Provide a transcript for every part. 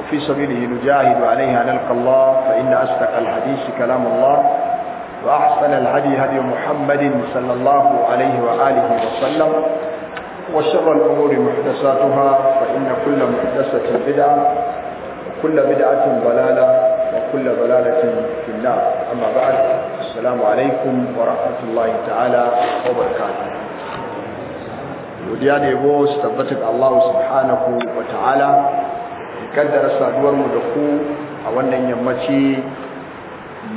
وفي سبيله نجاهد عليها نلقى الله فإن أصدق الحديث كلام الله وأحسن الهدي هدي محمد صلى الله عليه وآله وسلم وشر الأمور محدثاتها فإن كل محدثة بدعة وكل بدعة ضلالة وكل ضلالة في النار أما بعد السلام عليكم ورحمة الله تعالى وبركاته وديان da تبتك الله سبحانه وتعالى kaddara saduwarmu da ku a wannan yammaci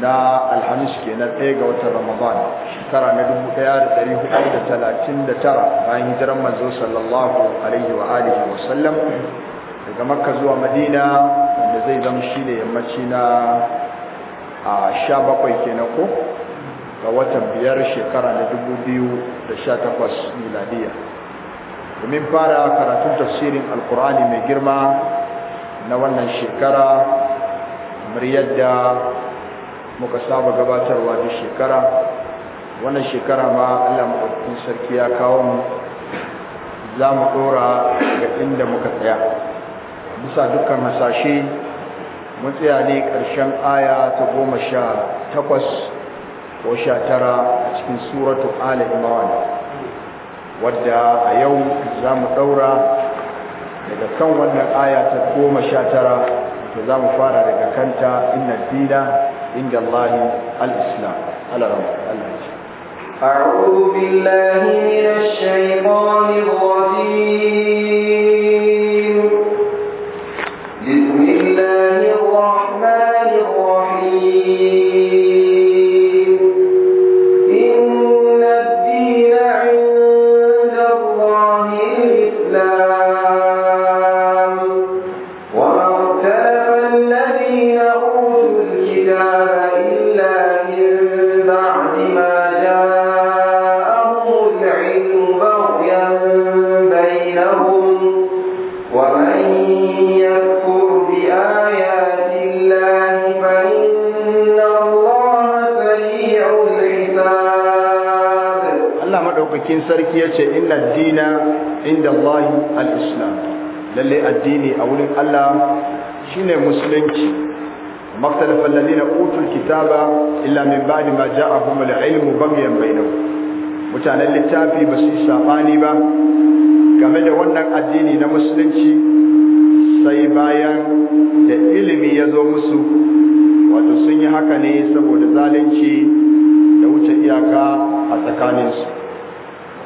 na alhamis ke na ɗaya ga watan ramadan shekara na tara, bayan hijiran manzo sallallahu alaihi wa alihi wa sallam daga makka zuwa madina wanda zai zama shi ne yammaci na a ke na ko ga watan biyar shekara na 2018 miladiya domin fara karatun tafsirin alkur'ani mai girma na wannan shekara kamar yadda muka saba gabatarwa duk shekara wannan shekara ma Allah maɗaukakin sarki ya kawo mu za mu ɗora daga inda muka tsaya bisa dukkan hasashe mun tsaya ne ƙarshen aya ta goma sha takwas ko sha tara a cikin suratun ala wanda wadda a yau za mu ɗaura daga kan wannan aya ta goma sha tara to za mu fara daga kanta inna dina inda Allah al-islam al-ramu Allah ce أعوذ بالله من الشيطان الرجيم بسم الله madaukakin sarki ce inna ad-dina inda Allah al-islam lalle addini a wurin Allah shine musulunci maktalafa na utul kitaba illa min ba'di ma ja'ahum al-ilmu baghyan bainahum mutanen littafi ba su safani ba game da wannan addini na musulunci sai bayan da ilimi ya zo musu wato sun yi haka ne saboda zalunci da wuce iyaka a tsakaninsu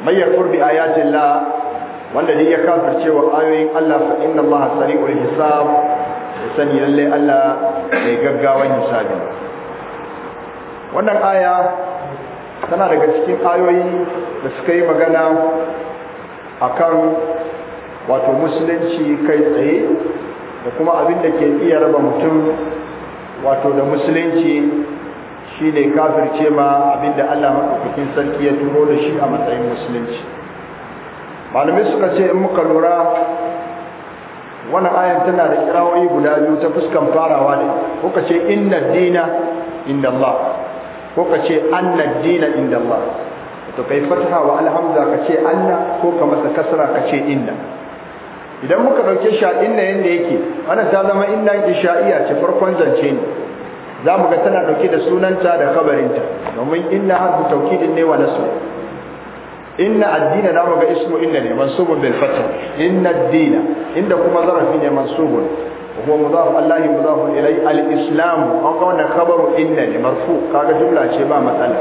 may yakfur bi ayati wanda dai ya kafirce wa ayoyin Allah fa inna Allah sari'ul hisab sani lalle Allah mai gaggawan hisabi wannan aya tana daga cikin ayoyi da suka yi magana akan wato musulunci kai tsaye da kuma abin da ke iya raba mutum wato da musulunci Shi shine kafirce ma abinda Allah madaukakin sarki ya turo da shi a matsayin musulunci Malami suka ce in muka lura wannan ayan tana da kirawoyi guda biyu ta fuskan farawa ne Ko ka ce inna dina inda Allah ka ce anna dina inda Allah to kai fataha wa alhamza ka ce anna ko ka masa kasra ka ce inna idan muka dauke shi inna yanda yake wannan ta zama inna sha'iya ce farkon zance ne za mu ga tana ɗauke da sunanta da kabarinta domin inna harfu tawkidin ne wa nasu inna addina da mu ga ismu inna ne mansubun bil fatah inna addina inda kuma zarafi ne mansubun huwa mudaf allahi mudaf ilai al islam an ga wannan khabaru inna ne marfu kaga jumla ce ba matsala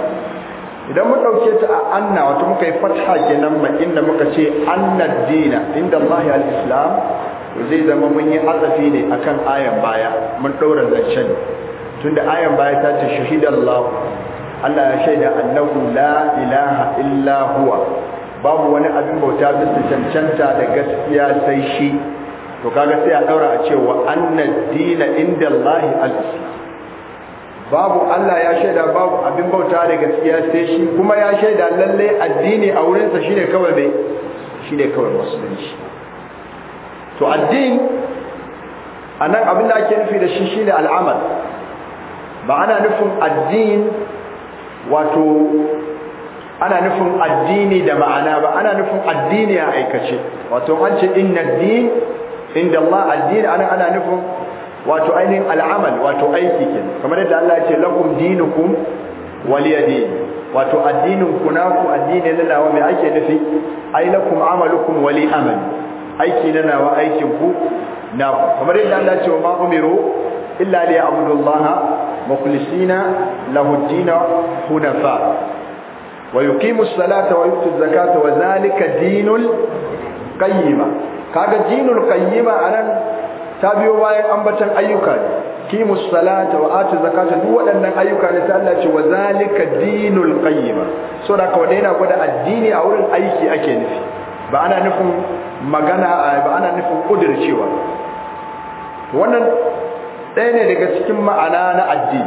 idan mun dauke ta a anna wato muka yi fatha kenan ma inda muka ce anna dina inda allahi al islam zai zama mun yi azafi ne akan ayan baya mun daura zancen tunda ayan baya ta ce shahidallahu Allah ya shaida annahu la ilaha illa huwa babu wani abin bauta bisa cancanta da gaskiya sai shi to kaga sai a daura a cewa annad dina inda Allah al babu Allah ya shaida babu abin bauta da gaskiya sai shi kuma ya shaida lalle addini a wurin sa shine kawai ne shine kawai musulunci to addini anan abin da ake nufi da shi shine al'amal ba ana nufin addini wato ana nufin addini da ma'ana ba ana nufin addini a aikace wato an ce inna din inda Allah addini ana ana nufin wato ainihin al'amal wato aiki ke kamar yadda Allah ya ce lakum dinukum waliya din wato addinin ku naku addini na nawa mai ake nufi ai lakum amalukum wali amal aiki na nawa aikin ku naku kamar yadda Allah ya ce ma umiru illa liya'budu Allah mukhlisina lahu dinu hunafa wa yuqimu as-salata wa yutu az-zakata wa zalika dinul qayyima kaga dinul qayyima anan tabiyo bayan ambatan ayyuka kimu as-salata wa atu zakata duk wadannan ayyuka ne ta Allah ce wa zalika dinul qayyima so da kawai yana gwada addini a wurin aiki ake nufi ba ana nufin magana ba ana nufin kudurcewa wannan ɗaya ne daga cikin ma'ana na addini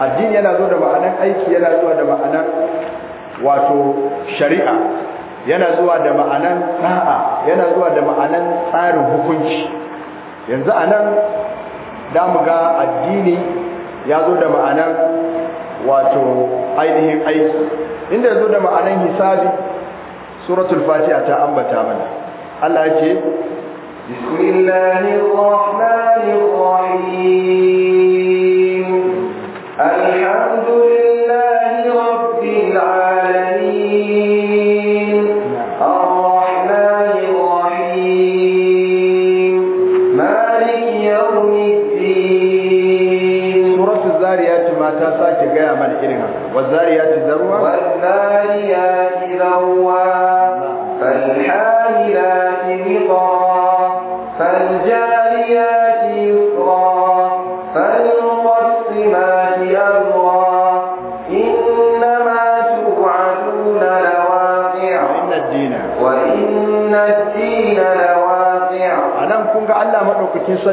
addini yana zo da ma'anan aiki yana zuwa da ma'anan wato shari'a yana zuwa da ma'anan sa'a yana zuwa da ma'anan tsarin hukunci yanzu a nan da ga addini ya zo da ma'anan wato ainihin aiki inda ya zo da ma'anan hisabi suratul fatiha ta ambata mana Allah ya ce bismillahir rahmanir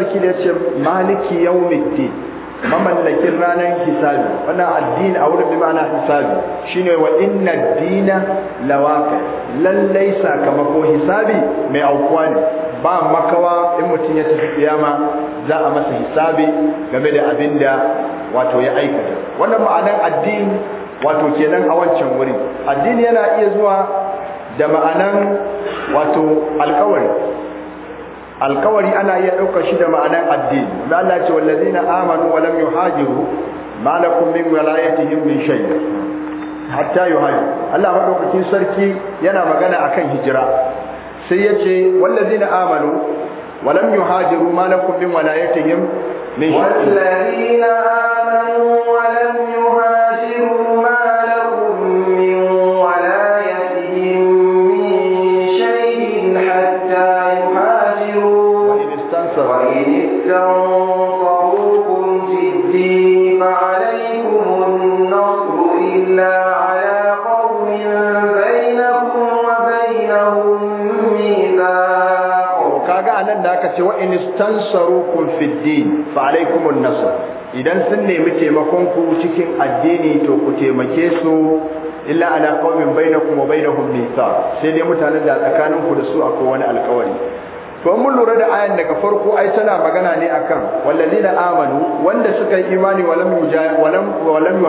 sarki da ce maliki yawmiddin mamallakin ranar hisabi wannan addini a wurin bi ma'ana hisabi shine wa inna dina lawaqi lallai sakamako hisabi mai aukuwa ne ba makawa in mutum ya tafi kiyama za a masa hisabi game da abin da wato ya aikata wannan ma'anar addini wato kenan a wancan wuri addini yana iya zuwa da ma'anan wato alkawari alkawari ana iya ɗaukar shi da ma'anar addini da Allah ce wallazina amanu wa lam yuhajiru ma lakum min walayatihim min shay hatta yuhajiru Allah madaukakin sarki yana magana akan hijira sai yace wallazina amanu wa lam yuhajiru ma lakum min walayatihim min shay wallazina amanu wa lam din fa alaikumun idan sun nemi taimakon ku cikin addini to ku taimake su illa ala qaumin bainakum wa bainahum mitsaq sai dai mutanen da tsakaninku da su akwai wani alƙawari to mun lura da ayan daga farko ai tana magana ne akan wallazina amanu wanda suka yi imani walam walam walam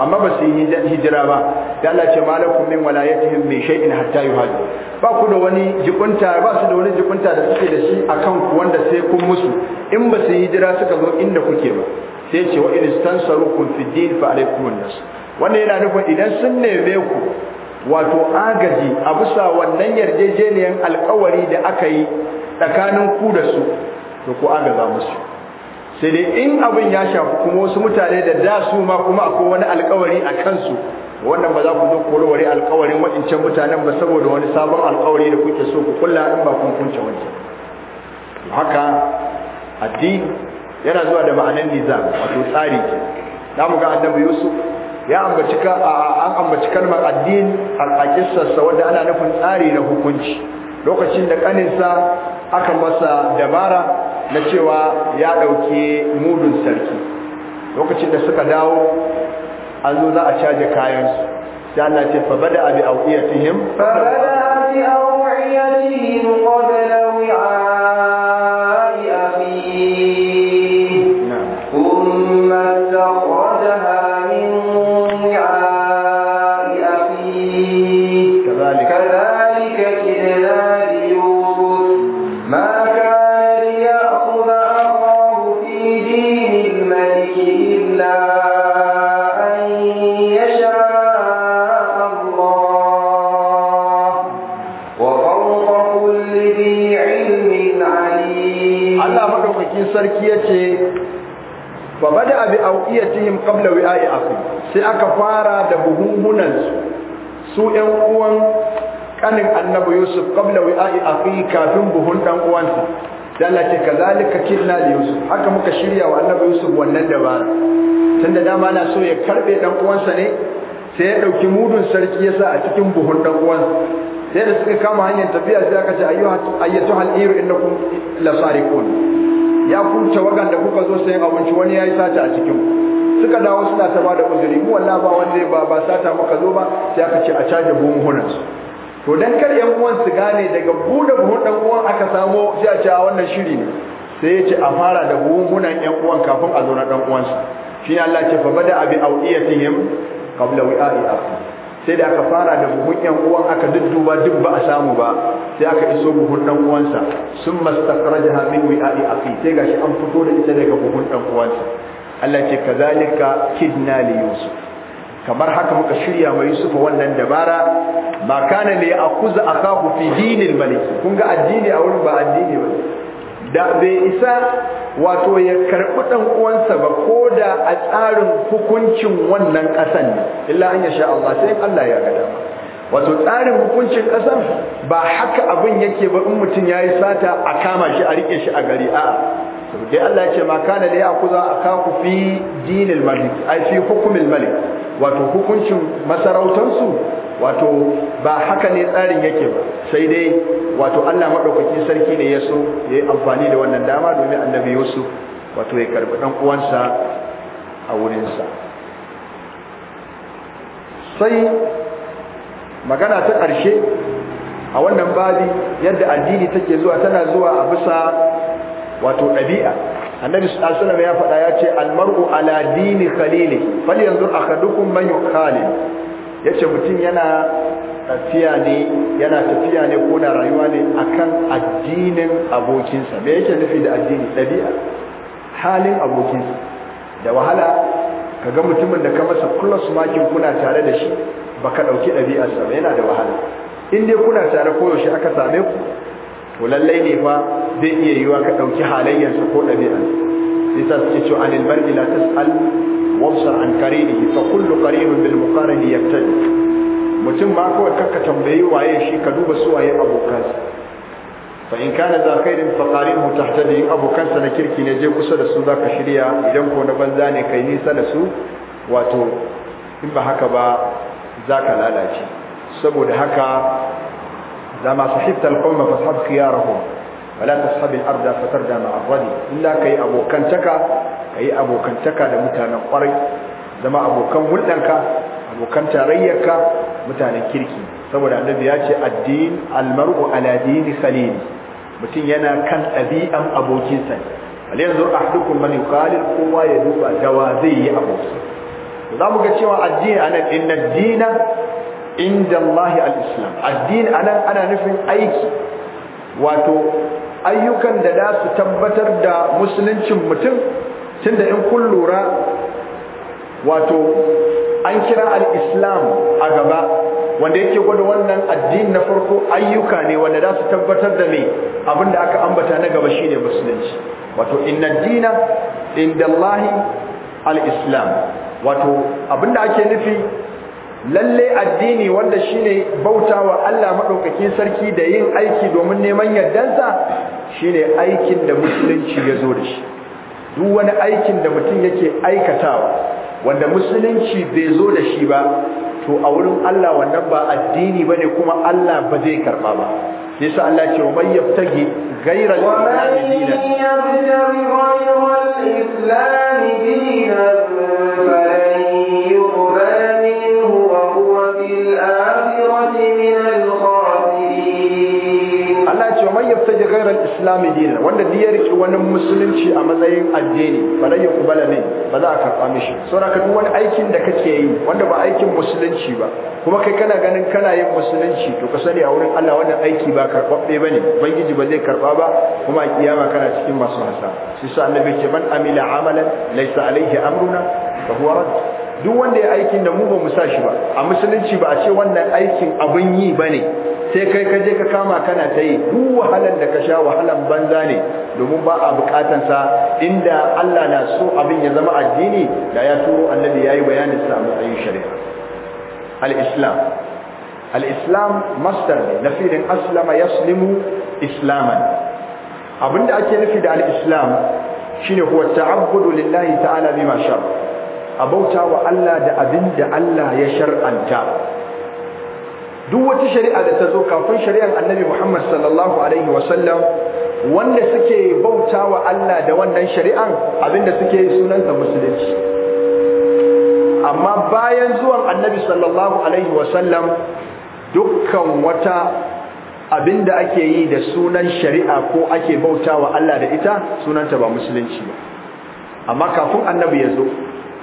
amma ba su yi hijira ba da Allah ce malakum min walayatihim min shay'in hatta yuhajiru ba ku da wani jikunta ba su da wani jikunta da suke da shi akan ku wanda sai kun musu in ba su yi hijira suka zo inda kuke ba sai ce wa in istansarukum fi din fa alaykumun nas wannan yana nufin idan sun neme ku wato agaji a bisa wannan yarjejeniyar alkawari da aka yi tsakanin ku da su to ku agaza musu sai dai in abin ya shafi kuma wasu mutane da da su ma kuma akwai wani alkawari a kansu wannan ba za ku zo korowari alkawarin waɗancan mutanen ba saboda wani sabon alkawari da kuke so ku kulla in ba kun kunce wancan haka addini yana zuwa da ma'anar nizam wato tsari za mu ga annabi yusuf ya ambaci an ambaci kalmar addini a kissarsa wanda ana nufin tsari na hukunci lokacin da kaninsa aka masa dabara na cewa ya ɗauki mudun sarki lokacin da suka dawo an zo za a caje kayansu sai Allah ce fa bada abi awqiyatihim fa bada abi qabla qabla wi'a'i akhi sai aka fara da buhunhunan su su ƴan uwan kanin annabi yusuf qabla wi'a'i akhi kafin buhun dan uwansa dan Allah ce kazalika kidna li yusuf haka muka shirya wa annabi yusuf wannan ba tunda dama na so ya karbe dan uwansa ne sai ya dauki mudun sarki yasa a cikin buhun dan uwansa sai da suka kama hanyar tafiya sai aka ce ayyatu hal iru innakum lasarikun ya kunta wagan da kuka zo sayan abinci wani ya yi sata a cikin suka dawo suna ta bada uzuri mu wallahi ba wanda ba ba sata maka zo ba sai aka ce a caje buhun su to dan kar yan uwan su gane daga buɗe buhun dan uwan aka samo sai a ce a wannan shiri ne sai ya ce a fara da buhunan yan uwan kafin a zo na dan uwan shi shi Allah ce fa bada bi awdiyatihim qabla wi'a'i akhi sai da aka fara da buhun yan uwan aka dudduba duk ba a samu ba sai aka iso buhun dan uwansa sun mastakhrajaha min wi'a'i akhi sai gashi an fito da ita daga buhun dan uwansa Allah ce kazalika kidna li yusuf kamar haka muka shirya mai yusuf wannan dabara ba kana li akuza akahu fi dinil malik kun ga addini a wurin ba addini ba da bai isa wato ya karɓi ɗan uwansa ba ko da a tsarin hukuncin wannan ƙasan ne illa an yasha Allah sai Allah ya ga dama wato tsarin hukuncin ƙasan ba haka abin yake ba in mutum ya yi sata a kama shi a riƙe shi a gari a'a dai Allah ya ce ma kana li a akaku fi dinil malik ai fi hukumil malik wato hukuncin masarautar su wato ba haka ne tsarin yake ba sai dai wato Allah madaukakin sarki ne ya so yayi amfani da wannan dama domin annabi Yusuf wato ya karbi dan uwansa a wurinsa sai magana ta ƙarshe a wannan babi yadda addini take zuwa tana zuwa a bisa wato ɗabi'a annabi sallallahu ya faɗa ya ce almar'u ala dini khalili fal yanzu akadukum man yukhali yace mutum yana tafiya ne yana tafiya ne ko da rayuwa ne akan addinin abokinsa me yake nufi da addini ɗabi'a halin abokinsa da wahala ka ga mutumin da ka masa plus makin kuna tare da shi baka ɗauki ɗabi'arsa ba yana da wahala in dai kuna tare koyaushe aka same ku to lallai ne fa zai iya yiwa ka ɗauki halayyarsa ko ɗabi'arsa yasa suke cewa anil bardi la tas'al wabsar an karinihi fa kullu qarinun bil muqarani yabtadi mutum ba kawai kakka tambayi waye shi ka duba su waye abokansa fa in kana za khairin fa qarinuhu tahtadi in abokansa na kirki ne je kusa da su zaka shirya idan ko na banza ne kai nisa da su wato in ba haka ba za ka lalace saboda haka زما صحبت القوم فاصحب خيارهم ولا تصحب الارض fasar da الردي الا كي ابو كنتك كي ابو كنتك da mutanen kwarai zama abokan hulɗarka abokan tarayyarka mutanen kirki saboda annabi ya ce addin almar'u ala dini khalili mutum yana kan ɗabi'an abokinsa ne yanzu ahdukum man yuqalil kowa ya duba dawa zai yi aboki za mu ga cewa addini anan inna dina inda Allah addini anan ana nufin aiki wato ayyukan da za su tabbatar da musuluncin mutum tunda in kun lura wato an kira Al'islam a gaba wanda yake gwada wannan addini na farko ayyuka ne wanda za su tabbatar da me abinda aka ambata na gaba shi ne musulunci wato inna dina indallahi al-islam wato abinda ake nufi lalle addini wanda shine bautawa Allah madaukakin sarki da yin aiki domin neman yardansa shine aikin da musulunci ya zo da shi duk wani aikin da mutum yake aikatawa wanda musulunci bai zo da shi ba to a wurin Allah wannan ba addini bane kuma Allah ba zai karba ba sai sa Allah ce wa man yabtagi ghayra al-islam dinan ghayra al-islam wanda duk ya riki wani musulunci a matsayin addini fa la yuqbala ne ba za a karba mishi saboda ka duk wani aikin da kake yi wanda ba aikin musulunci ba kuma kai kana ganin kana yin musulunci to ka sani a wurin Allah wannan aiki ba karbabbe bane Bangiji ba zai karba ba kuma a kiyama kana cikin masu hasa shi sa annabi ke man amila amalan laysa alayhi amruna fa huwa rad duk wanda ya aikin da mu ba mu sa shi ba a musulunci ba a ce wannan aikin abun yi bane sai kai ka je ka kama kana ta yi duk wahalan da ka sha wahalan banza ne domin ba a bukatan sa inda Allah na so abin ya zama addini da ya turo annabi yayi bayanin sa a matsayin shari'a al-islam al-islam masdar ne na fi'lin aslama yaslimu islaman abinda ake nufi da al-islam shine huwa ta'abbudu lillahi ta'ala bima shar abauta wa Allah da abin da Allah ya shar'anta duk wata shari'a da ta zo kafin shari'ar annabi Muhammad sallallahu alaihi wasallam wanda suke bauta wa Allah da wannan shari'an abinda suke yi sunanta musulunci amma bayan zuwan annabi sallallahu alaihi wasallam dukkan wata abinda ake yi da sunan shari'a ko ake bauta wa Allah da ita sunanta ba musulunci ba amma kafin annabi ya zo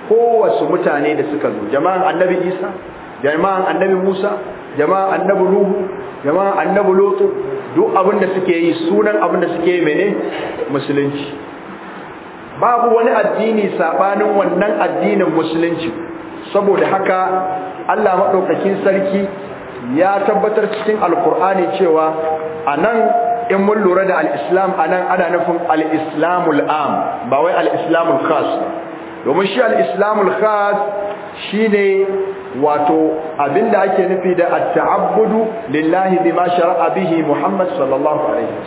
kowace mutane da suka zo jama'an annabi Isa jama'an annabi Musa jama'a annabi nuhu jama'a annabi lutu duk abin da suke yi sunan abin da suke yi mene musulunci babu wani addini sabanin wannan addinin musulunci saboda haka Allah madaukakin sarki ya tabbatar cikin alkur'ani cewa anan in mun lura da Al'islam islam anan ana nufin al-islamul am ba wai al khas domin shi al-islamul khas shine wato abinda ake nufi da at-ta'abbudu lillahi bima shar'a bihi Muhammad sallallahu alaihi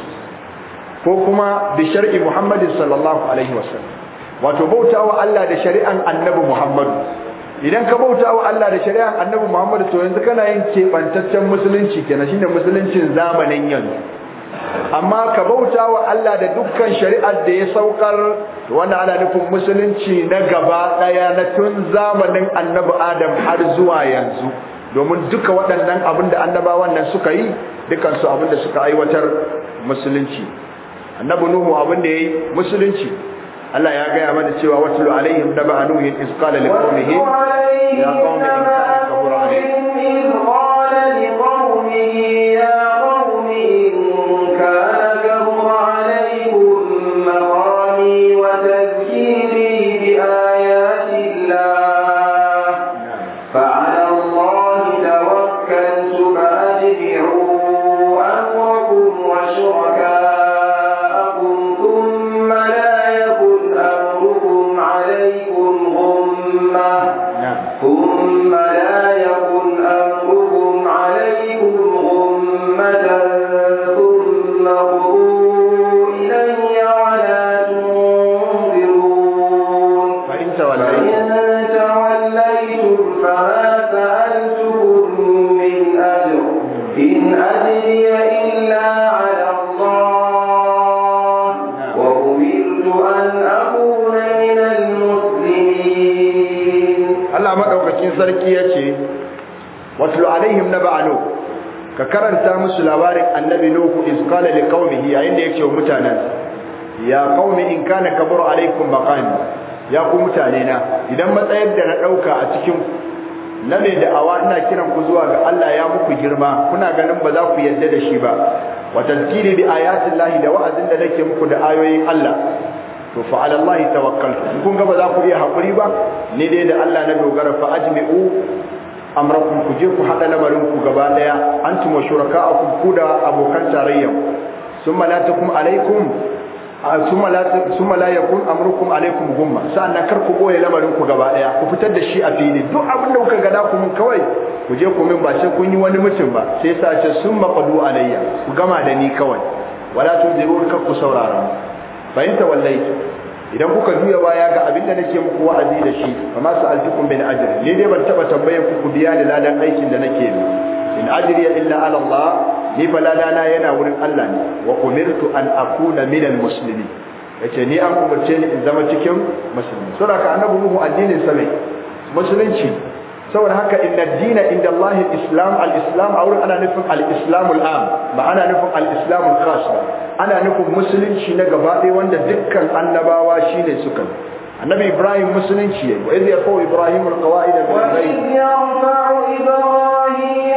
ko kuma bi shar'i Muhammad sallallahu alaihi wasallam wato bautawa Allah da shari'an Annabi Muhammad idan ka bautawa Allah da shari'an Annabi Muhammad to yanzu kana yin kebantaccen musulunci kenan shine musuluncin zamanin yanzu amma ka bauta wa Allah da dukkan shari'ar da ya saukar wanda ana nufin musulunci na gaba daya na tun zamanin annabi Adam har zuwa yanzu domin duka waɗannan abin da annabawan nan suka yi dukansu da suka aiwatar musulunci annabi Nuhu abin da yi musulunci Allah ya gaya mana cewa watlu alaihim da nuhin iz ya in kabura sarki ya ce watlu alaihim na nuh ka karanta musu labarin annabi nuhu iz qala yayin da yake wa mutanen ya qaumi in kana kaburu alaikum maqami ya ku mutane na idan matsayar da na dauka a cikin na mai awa ina kiran ku zuwa ga Allah ya muku girma kuna ganin ba za ku yarda da shi ba wa tantiri bi ayatin lahi da wa'azin da nake muku da ayoyin Allah to fa ala Allah tawakkaltu kun ga ba za ku iya hakuri ba ni dai da Allah na dogara fa ajmi'u amrakum ku je ku hada lamarin ku gaba daya antum wa shuraka'akum ku da abokan tarayya summa la takum alaikum summa la summa la yakun amrukum alaikum gumma sa'annan kar ku boye lamarin ku gaba daya ku fitar da shi a fili duk abin da kuka gada ku mun kawai ku je ku min ba sai kun yi wani mutum ba sai sa ce summa qadu alayya ku gama da ni kawai wala tunziru kar ku saurara fahimta wallahi idan kuka juya baya ga abin da nake muku wa'azi da shi fa ma sa'altukum bin ajr ni dai ban taba tambaye ku ku biya da ladan aikin da nake yi in ajri illa ala Allah ni fa ladana yana wurin Allah ne wa umirtu an akuna al muslimin yace ni an umarce ni in zama cikin musulmi saboda annabi Nuhu addinin sa ne musulunci saboda haka inna dina inda Allah islam al-islam a wurin ana nufin al-islam am ba ana nufin al-islam khas ba ana nufin musulunci na gaba ɗaya wanda dukkan annabawa shine suka annabi ibrahim musulunci ya wa idh yarfa'u ibrahim al-qawa'id min wa idh ibrahim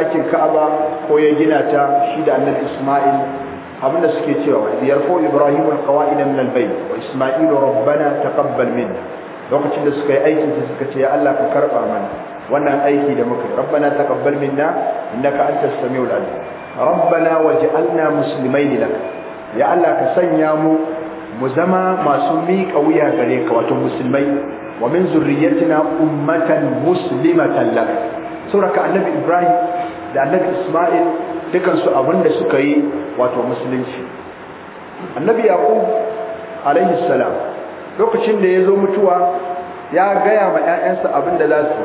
Dakin Ka'aba ko ya gina ta shi da Annabi Isma'il abinda suke cewa yarfo Ibrahim alqawaida min albayt wa Isma'il rabbana taqabbal minna lokacin da suka yi aiki da suka ce ya Allah ka karba mana wannan aiki da muka rabbana taqabbal minna innaka antas samiul alim rabbana waj'alna muslimaini lak ya Allah ka sanya mu mu zama masu miƙa wuya gare ka wato musulmai wa min zurriyyatina ummatan muslimatan lak suraka annabi ibrahim da annabi isma'il dukansu abinda suka yi wato musulunci annabi yaqub alaihi salam lokacin da ya zo mutuwa ya gaya ma ƴaƴansa abinda za su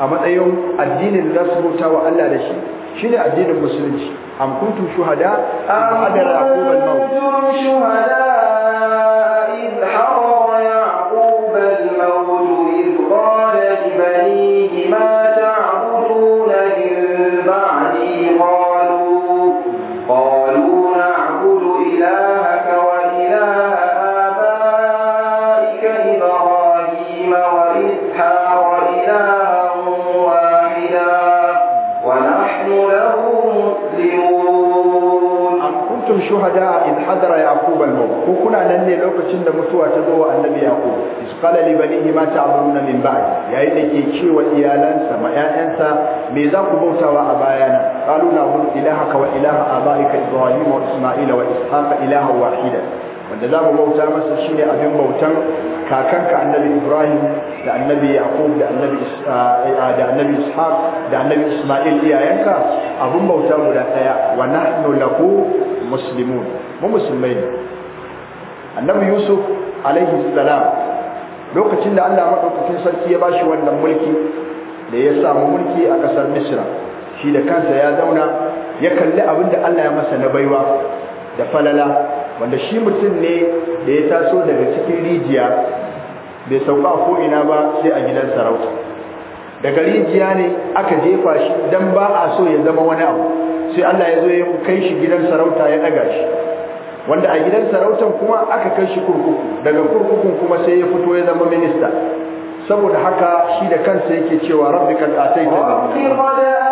a matsayin addinin da su bauta wa Allah da shi shine addinin musulunci am kuntum shuhada ahadar qala li banihi ma ta'buduna min ba'd yayin da ke cewa iyalansa ma ƴaƴansa me za ku bautawa a bayana qalu na hum ilahaka wa ilaha abaika ibrahim wa isma'ila wa ishaqa ilaha wahida wanda za mu bauta masa shine abin bautan kakanka annabi ibrahim da annabi yaqub da annabi eh, da annabi ishaq da annabi isma'il iyayenka abin bauta guda daya wa nahnu lahu muslimun mu musulmai annabi yusuf alaihi salam lokacin da Allah madaukakin sarki ya bashi wannan mulki da ya samu mulki a kasar Misra shi da kansa ya zauna ya kalli abin da Allah ya masa na baiwa da falala wanda shi mutum ne da ya taso daga cikin rijiya bai sauka ko ina ba sai a gidan sarauta daga rijiya ne aka jefa shi dan ba a so ya zama wani abu sai Allah ya zo ya kai shi gidan sarauta ya daga shi wanda a gidan sarautan kuma aka kai shi kurkuku daga kurkukun kuma sai ya fito ya zama minista saboda haka shi da kansa yake cewa rabbi rabbikal ataita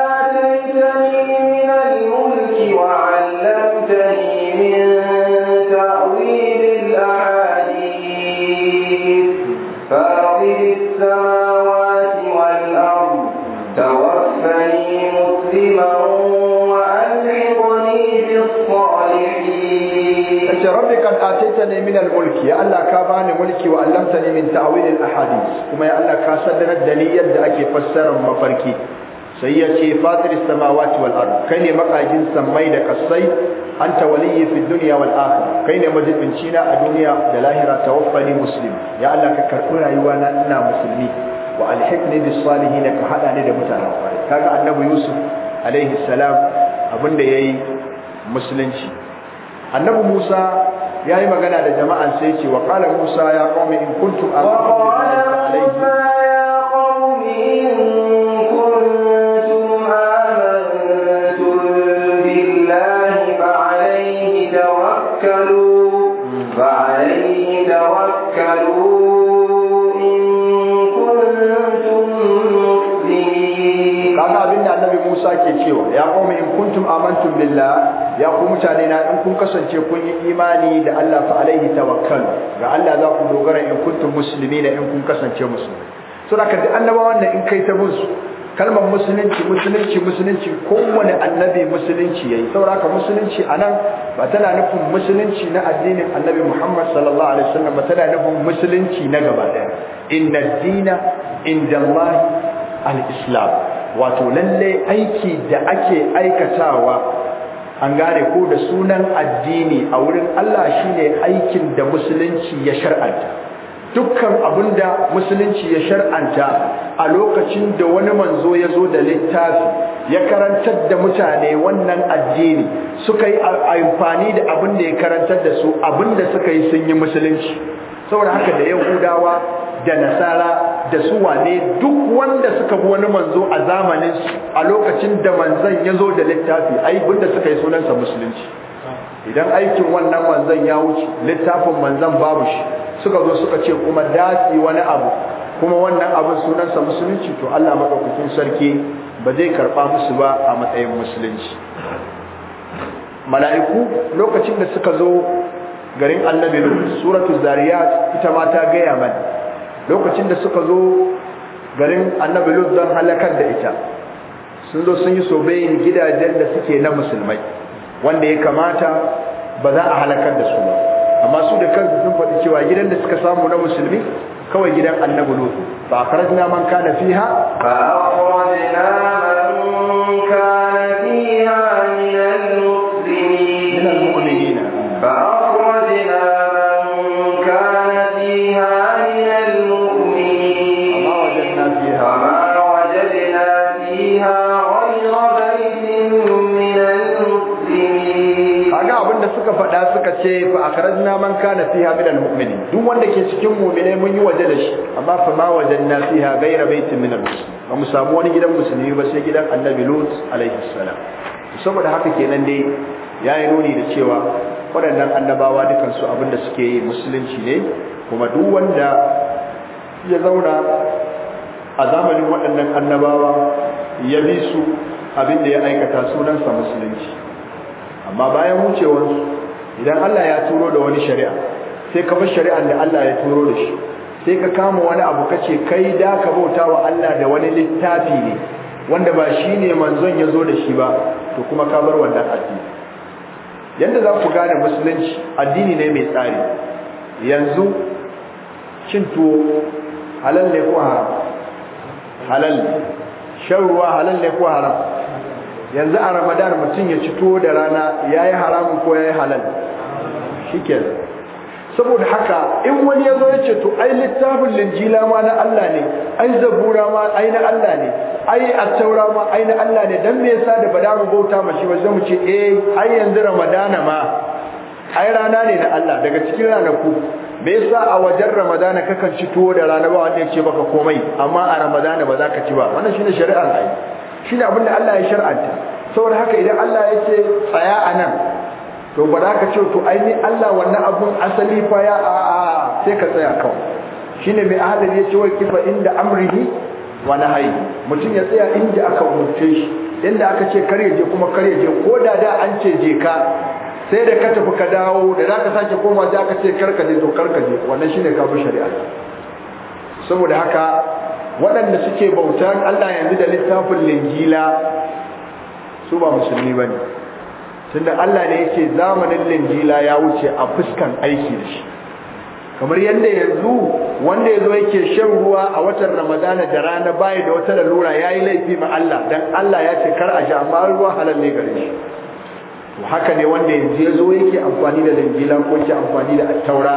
ya Allah ka bani mulki wa allamtani min ta'wil al-ahadith kuma ya Allah ka sanar da ni yadda ake fassara mafarki sai ya ce fatir samawati wal ard kai ne makajin samai da kasai anta waliyyi fi dunya wal kai ne majibinci na a duniya da lahira tawaffani muslim ya Allah ka karbi rayuwa na ina musulmi wa alhiqni bis salihin ka hada ni da mutanen kwarai kaga annabi yusuf alaihi salam abinda yayi musulunci annabi musa Ya yi magana da jama'an sai ce wa qala musa ya qaumi in kuntum amanu Musa ke cewa ya qaumi in kuntum amantum billah ya ku mutane na in kun kasance kun yi imani da Allah fa alaihi tawakkal ga Allah za ku dogara in kuntum musulmi da in kun kasance musulmi so da kan annabawan wannan in kai ta musu kalmar musulunci musulunci musulunci kowane annabi musulunci yayi sauraka musulunci anan ba tana nufin musulunci na addinin annabi Muhammad sallallahu alaihi wasallam ba tana nufin musulunci na gaba daya inna dina indallahi al-islam wato lalle aiki da ake aikatawa an gane ko da sunan addini a wurin Allah shine aikin da musulunci ya shar'anta dukkan abin da musulunci ya shar'anta a lokacin da wani manzo ya zo da littafi ya karantar da mutane wannan addini suka yi amfani da abin da ya karantar da su abin da suka yi sun yi musulunci saboda haka da yahudawa da nasara da su wane duk wanda suka bi wani manzo a zamanin a lokacin da manzon ya zo da littafi ai da suka yi sunansa musulunci idan aikin wannan manzon ya wuce littafin manzon babu shi suka zo suka ce kuma dafi wani abu kuma wannan abun sunansa musulunci to Allah madaukakin sarki ba zai karba musu ba a matsayin musulunci mala'iku lokacin da suka zo garin annabi suratu zariyat ita ma ta gaya mana lokacin da suka zo garin annabi lut don halakar da ita sun zo sun yi sobayin gidajen da suke na musulmai wanda ya kamata ba za a halakar da su ba amma su da kansu sun faɗi cewa gidan da suka samu na musulmi kawai gidan annabi Ba fa akhrajna man kana fiha fa akhrajna man kana fiha ce fa akhrajna man kana fiha min almu'minin duk wanda ke cikin mu'mine mun yi waje da shi amma fa ma wajanna fiha ghayra baitin min almuslimin ba mu samu wani gidan musulmi ba sai gidan annabi lut alaihi salam saboda haka kenan dai yayi nuni da cewa waɗannan annabawa dukan su abinda suke yi musulunci ne kuma duk wanda ya zauna a zamanin waɗannan annabawa ya bi su abinda ya aikata sunansa musulunci amma bayan wucewarsu idan Allah ya turo da wani shari'a sai ka bar shari'ar da Allah ya turo da shi sai ka kama wani abu kace kai da ka bauta wa Allah da wani littafi ne wanda ba shi ne manzon ya zo da shi ba to kuma ka bar wannan addini yanda za ku gane musulunci addini ne mai tsari yanzu cin tuwo halal ne ko haram halal ne shan halal ne ko haram yanzu a ramadan mutum ya ci tuwo da rana ya yi haramun ko ya yi halal shikenan saboda haka in wani ya zo ya ce to ai littafin linjila ma na Allah ne ai zabura ma ai na Allah ne ai attaura ma ai na Allah ne dan me yasa da bada mu bauta mashi ba zamu ce eh ai yanzu ramadana ma ai rana ne na Allah daga cikin ranaku me yasa a wajen ramadana kakan ci tuwo da rana ba wanda yake baka komai amma a ramadana ba za ka ci ba wannan shine shari'ar ai shine abin da Allah ya shar'anta saboda haka idan Allah ya ce tsaya anan to ba za ka ce to aini Allah wannan abun asali fa ya a a sai ka tsaya kawai shine mai ahadar ya ce wai kifa inda amrihi wa nahyi mutum ya tsaya inda aka umurce shi inda aka ce kar ya je kuma kar je ko da da an ce je ka sai da ka tafi ka dawo da za ka sake koma za ka ce kar ka je to kar ka je wannan shine ka shari'a saboda haka waɗanda suke bautar Allah yanzu da littafin linjila su ba musulmi bane tunda Allah ne yake zamanin linjila ya wuce a fuskan aiki da shi kamar yadda yanzu wanda yazo yake shan ruwa a watan Ramadana da rana bai da wata lalura yayi laifi ma Allah dan Allah ya ce kar a sha amma ruwa halal ne gare shi to haka ne wanda yanzu yazo yake amfani da linjila ko yake amfani da attaura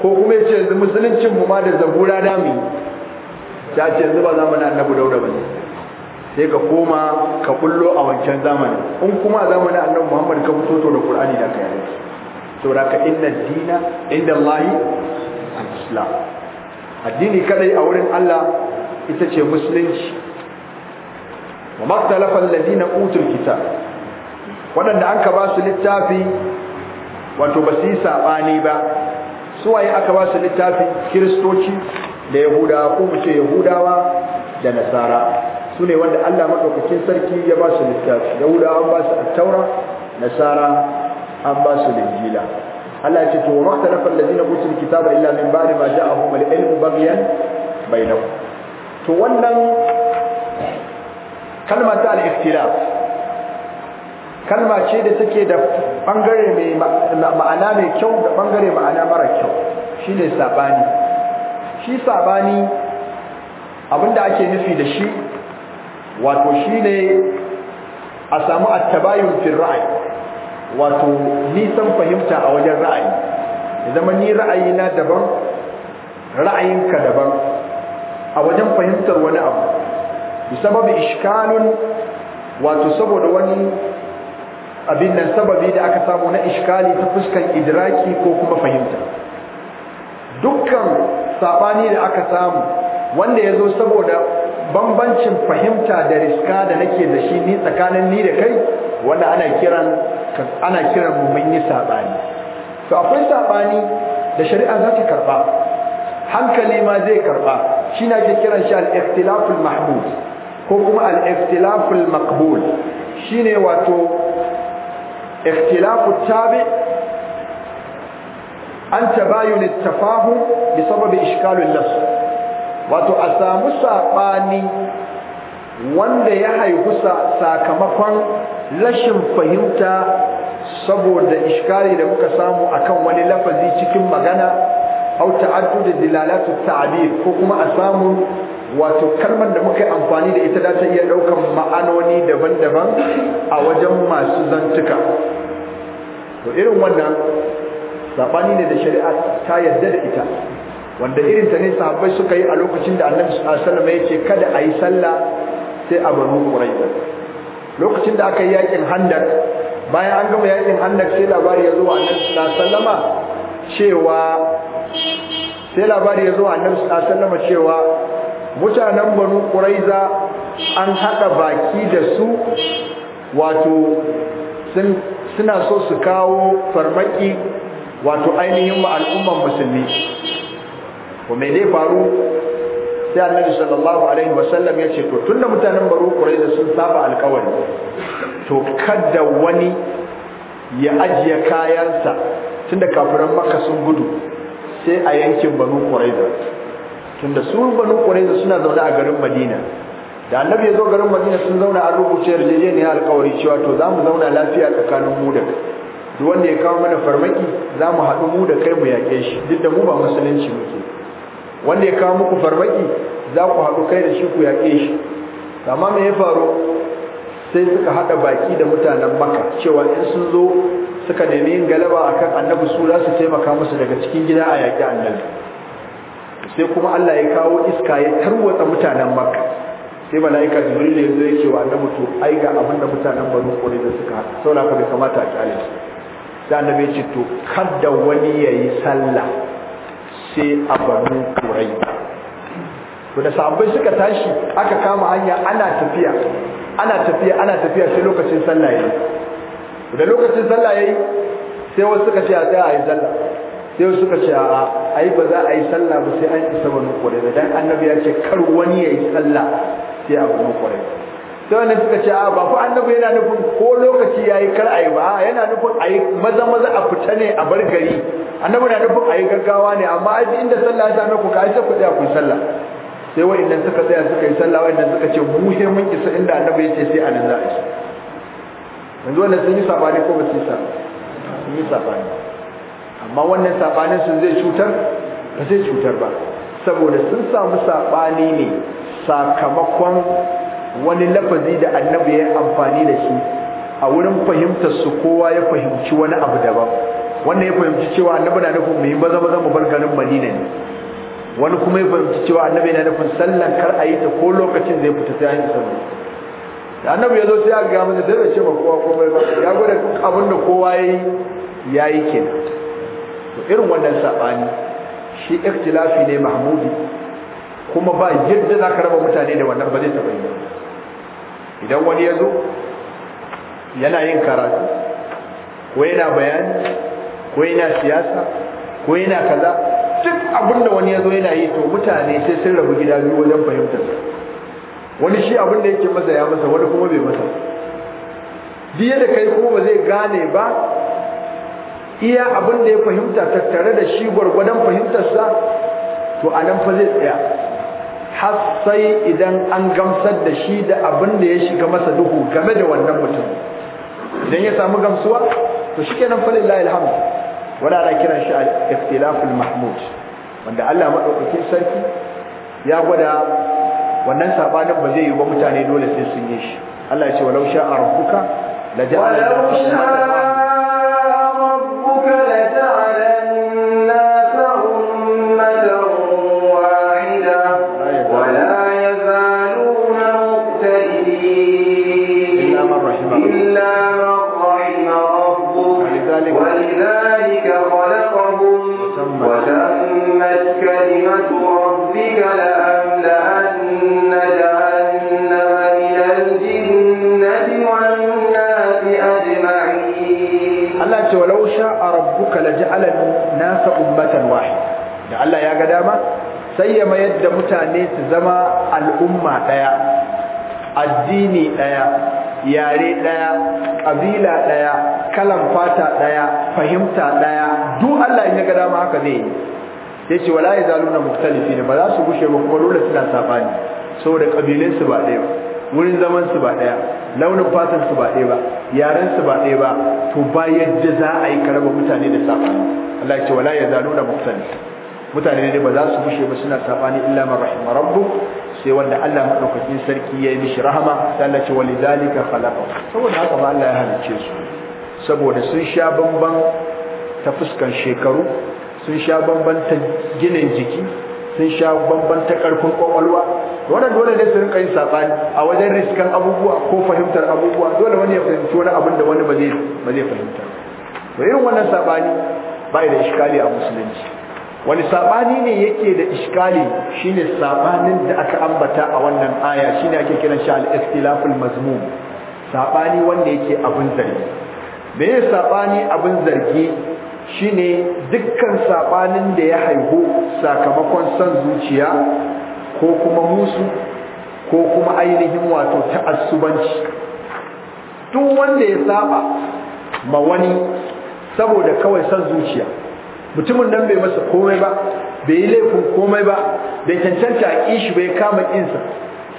ko kuma yace yanzu musuluncin mu ma da zabura da mu ya ce yanzu ba zamanin annabi dauda bane sai ka koma ka kullo a wancan zamani in kuma a zamanin annabi Muhammad ka fito to da Qur'ani da kai saboda ka inna dina inda Allah al-Islam addini kadai a wurin Allah ita ce musulunci wa maktalafa alladhina utul kitab wadanda anka ba su littafi wato ba su yi sabani ba suwaye aka ba su littafi kiristoci da yahudawa ko mu ce yahudawa da nasara su ne wanda Allah maɗaukakin sarki ya ba su littafi yahuda an ba su attaura nasara an ba su linjila Allah ya ce to wa makhtalafa alladhina utul kitaba illa min ba'di ma ja'ahum al-ilmu baghyan bainahum to wannan kalma ta al-ikhtilaf kalma ce da take da bangare mai ma'ana mai kyau da bangare ma'ana mara kyau shine sabani shi sabani abinda ake nufi da shi wato shine a samu attabayun fil ra'ayi wato nisan fahimta a wajen ra'ayi zama ni na daban ra'ayinka daban a wajen fahimtar wani abu sababi ishkalun wato saboda wani abin nan sababi da aka samu na ishkali ta fuskan idraki ko kuma fahimta dukkan sabani da aka samu wanda ya zo saboda bambancin fahimta da riska da nake da shi ni tsakanin ni da kai wanda ana kiran ana kiran mu mun yi sabani to akwai sabani da shari'a za ta karba hankali ma zai karba shi na ke kiran shi al-ikhtilaful mahmud ko kuma al-ikhtilaful maqbul shine wato ikhtilafut tabi an tabayun at-tafahum bi sababi ishkalul lafz wato a samu saɓani wanda ya haihu sakamakon rashin fahimta saboda iskari da muka samu akan wani lafazi cikin magana au da dilalatu ta'bir ko kuma a samu wato kalmar da muka yi amfani da ita da ta iya daukan ma'anoni daban-daban a wajen masu zantuka to irin wannan saɓani ne da shari'a ta yadda da ita wanda irin ta ne sahabbai suka yi a lokacin da annabi sallallahu alaihi wasallam ya ce kada a yi sallah sai a banu quraiza lokacin da aka yi yakin handak bayan an gama yakin handak sai labari ya zo wa annabi sallallahu alaihi cewa sai labari ya zo wa annabi sallallahu alaihi cewa mutanen banu quraiza an haɗa baki da su wato suna so su kawo farmaki wato ainihin al'umman musulmi ko me faru sai annabi sallallahu alaihi wasallam ya ce to tunda mutanen baro quraiza sun saba alƙawari to kada wani ya ajiye kayansa tunda kafiran makka sun gudu sai a yankin banu quraiza tunda su banu quraiza suna zaune a garin madina da annabi ya zo garin madina sun zauna a rubuce yarjejeniya alƙawari cewa to za mu zauna lafiya tsakanin mu da duk wanda ya kawo mana farmaki za mu haɗu mu da kai mu yaƙe shi duk da mu ba musulunci muke wanda ya kawo muku farmaki za ku haɗu kai da shi ku yaƙe shi amma me ya faru sai suka haɗa baki da mutanen maka cewa in sun zo suka nemi yin galaba a kan annabi su za su taimaka musu daga cikin gida a yaƙi annabi sai kuma Allah ya kawo iska ya tarwatsa mutanen maka. sai mala'ika jibril ya zo ya ce wa annabi to ai ga abin da mutanen banu kore da suka haɗa saboda bai kamata a kyale su sai annabi ya ce to kada wani yi sallah sai a banu quraiza wanda sabbai suka tashi aka kama hanya ana tafiya ana tafiya ana tafiya sai lokacin sallah yayi da lokacin sallah yayi sai wasu suka ce a tsaya a yi sallah sai wasu suka ce a ai ba za a yi sallah ba sai an isa banu quraiza dan annabi ya ce kar wani ya yi sallah sai a banu quraiza sai wannan suka ce a ba ku annabi yana nufin ko lokaci yayi kar ayi ba yana nufin ayi maza maza a fita ne a bar gari annabi na nufin ayi gaggawa ne amma aji inda sallah ya same ku ka aje ku tsaya ku sallah sai wa'annan suka tsaya suka yi sallah wa'annan suka ce mu sai mun isa inda annabi ya ce sai anan za a yi yanzu wannan sun yi sabani ko ba su yi sabani sun yi sabani amma wannan sabanin sun zai cutar ba zai cutar ba saboda sun samu sabani ne sakamakon wani lafazi da annabi ya amfani da shi a wurin fahimtar su kowa ya fahimci wani abu daban wannan ya fahimci cewa annabi na nufin mu yi maza maza mu bar garin Madina ne wani kuma ya fahimci cewa annabi na nufin sallan kar a yi ta ko lokacin zai fita sai an yi sallah da annabi ya zo sai aka ga da zai ce ba kowa ko bai ba ya gwada abin da kowa yayi yayi kenan to irin wannan sabani shi ikhtilafi ne mahmudi kuma ba yadda za ka raba mutane da wannan ba zai taɓa yi idan wani ya zo yana yin karatu ko yana bayani ko yana siyasa ko yana kaza duk abin da wani ya zo yana yi to mutane sai sun rabu gida biyu wajen fahimtar wani shi abin yake masa ya masa wani kuma bai masa biye da kai kuma ba zai gane ba iya abin ya fahimta tattare da shi gwargwadon fahimtarsa to a nan fa zai tsaya har sai idan an gamsar da shi da abin da ya shiga masa duhu game da wannan mutum idan ya samu gamsuwa to shikenan fa lillahi alhamd wala ana kiran shi a ikhtilaful mahmud wanda Allah madaukakin sarki ya gwada wannan sabanin ba zai yi ba mutane dole sai sun yi shi Allah ya ce walau sha'a rabbuka la ja'a nasa ummatan wahida da Allah ya ga dama sai ya mayar da mutane su zama al'umma daya addini daya yare daya kabila daya kalan fata daya fahimta daya duk Allah in ya ga dama haka zai Ya yace wala yazaluna mukhtalifin ba za su gushe ba kuma dole suna sabani saboda kabilan su ba daya wurin zaman su ba daya launin fatan su ba daya ba yaren su ba daya ba to ba yadda za a yi karaba mutane da sabani Allah ya ce wala yazaluna mutane ne ba za su bushe ba suna sabani illa man rahima rabbu sai wanda Allah madaukakin sarki ya yi mishi rahama sai Allah ce walidhalika khalaqa saboda haka ba Allah ya halice su saboda sun sha bamban ta fuskan shekaru sun sha bamban ta ginin jiki sun sha bamban ta karfin kwakwalwa wannan dole ne su rinka yin sabani a wajen riskan abubuwa ko fahimtar abubuwa dole wani ya fahimci wani abin da wani ba zai fahimta to irin wannan sabani bai da iskali a musulunci wani sabani ne yake da iskali shine sabanin da aka ambata a wannan aya shine ake kiran shi al istilaful mazmum sabani wanda yake abin zargi meye sabani abin zargi shine dukkan sabanin da ya haihu sakamakon san zuciya ko kuma musu ko kuma ainihin wato ta'assubanci duk wanda ya saba ma wani saboda kawai son zuciya mutumin nan bai masa komai ba bai yi laifin komai ba bai cancanta a kishi bai kama kinsa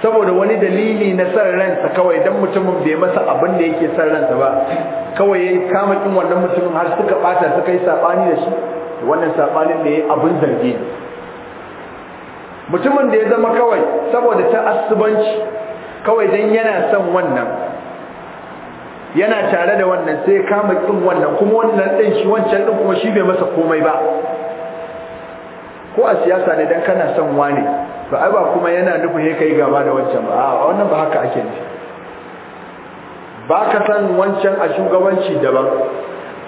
saboda wani dalili na san ransa kawai dan mutumin bai masa abin da yake san ransa ba kawai ya kama kin wannan mutumin har suka bata suka yi sabani da shi wannan sabanin da yayi abin zargi mutumin da ya zama kawai saboda ta asubanci kawai dan yana son wannan yana tare da wannan sai kama kin wannan kuma wannan din shi wancan din kuma shi bai masa komai ba ko a siyasa ne dan kana son wani to ai ba kuma yana nufin he kai gaba da wancan ba a wannan ba haka ake ne ba ka san wancan a shugabanci daban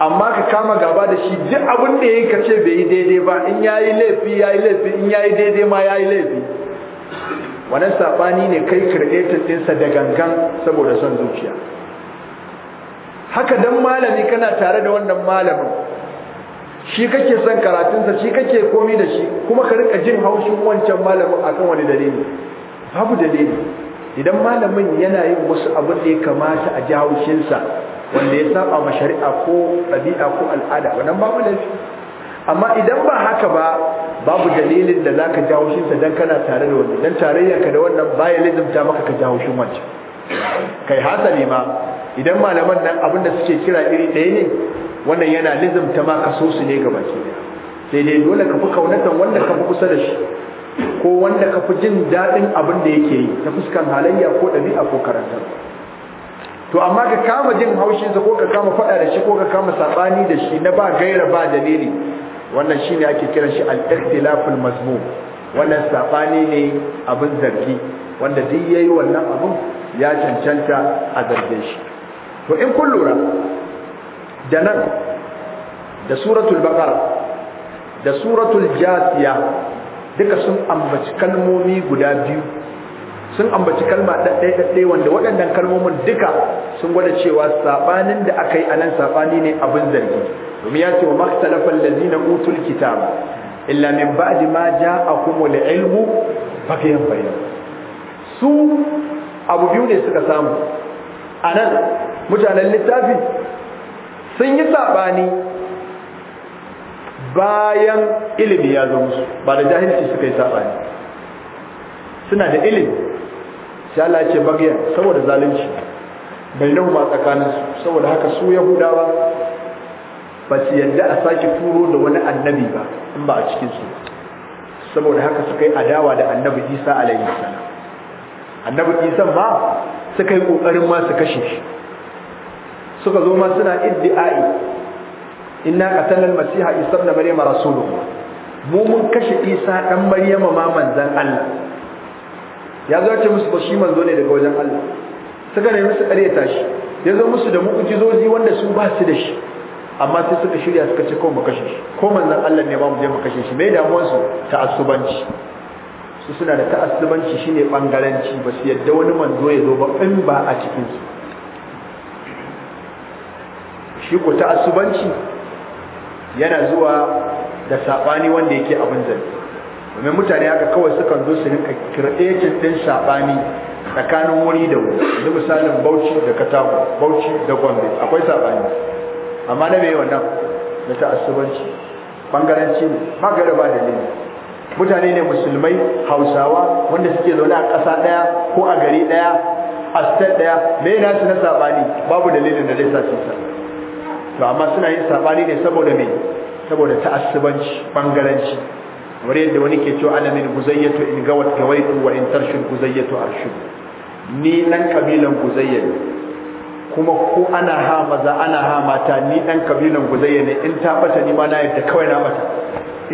amma ka kama gaba da shi duk abin da yayi ka ce bai yi daidai ba in yayi laifi yayi laifi in yayi daidai ma yayi laifi wannan sabani ne kai kirɗetin sa da gangan saboda son zuciya haka dan malami kana tare da wannan malamin shi kake son karatunsa shi kake komi da shi kuma ka rika jin haushin wancan malamin akan wani dalili babu dalili idan malamin yana yin wasu abu da ya kamata a ji haushinsa wanda ya saba ma shari'a ko ɗabi'a ko al'ada wannan babu dalili amma idan ba haka ba babu dalilin da zaka ji haushinsa dan kana tare da wani dan tarayyarka da wannan baya lazimta maka ka ji haushin wancan kai hasali ma idan malaman nan da suke kira iri ɗaya ne wannan yana lizimta ma kaso su ne gaba ke sai dai dole ka fi kaunatan wanda ka fi kusa da shi ko wanda ka fi jin daɗin abin da yake yi ta fuskan halayya ko ɗabi'a ko karantar to amma ka kama jin sa ko ka kama faɗa da shi ko ka kama sabani da shi na ba gaira ba dalili wannan shine ake kiran shi al-ikhtilaful mazmum wannan saɓani ne abin zargi wanda duk yayi wannan abin ya cancanta a zargin shi to in kun lura da nan da suratul baqara da suratul jasiya duka sun ambaci kalmomi guda biyu sun ambaci kalma ɗaɗɗaya wanda waɗannan kalmomin duka sun gwada cewa saɓanin da aka yi anan nan saɓani ne abin zargi domin ya ce wa maktalafan na utul kitab illa min ba'di ma ja'akumul ilmu bagiyan bayan su abu biyu ne suka samu a nan mutanen littafi sun yi saɓani bayan ilimi ya zo musu ba da jahilci suka yi saɓani suna da ilimi sai Allah ce bagyan saboda zalunci bainahu ma tsakaninsu saboda haka su yahudawa ba su yadda a sake turo da wani annabi ba in ba a cikinsu saboda haka suka yi adawa da annabi isa alayhi salam annabi isa ma suka yi kokarin ma su kashe shi suka zo ma suna iddi'ai inna qatalna al-masiha isa ibn maryama rasuluhu mu mun kashe isa dan maryama ma manzan Allah ya zo ce musu ba shi manzo ne daga wajen Allah suka ne musu ta shi ya zo musu da mu'jizozi wanda su ba su da shi amma sai suka shirya suka ce ko mu kashe shi ko manzan Allah ne ba mu je mu kashe shi me damuwar su ta'assubanci su suna da ta'assubanci shine bangaranci ba su yadda wani manzo ya zo ba in ba a cikin su shi ko ta'assubanci yana zuwa da sabani wanda yake abin zai kuma mutane haka kawai sukan zo su rinka kirɗekin din sabani tsakanin wuri da wuri da misalin bauchi da Katako, bauchi da gombe akwai sabani amma na mai wannan na ta'assubanci bangaranci ne ba gare ba dalili mutane ne musulmai hausawa wanda suke zaune a ƙasa ɗaya ko a gari ɗaya a state ɗaya me nasu na sabani babu dalilin da zai sa su to amma suna yin sabani ne saboda me saboda ta'assubanci bangaranci wani yadda wani ke cewa ana min guzayyatu in gawat gawaitu wa in tarshud guzayyatu arshu ni nan kabilan guzayya ne kuma ko ana ha maza ana ha mata ni dan kabilan guzayya ne in ta bata ni ma na yadda kawai na bata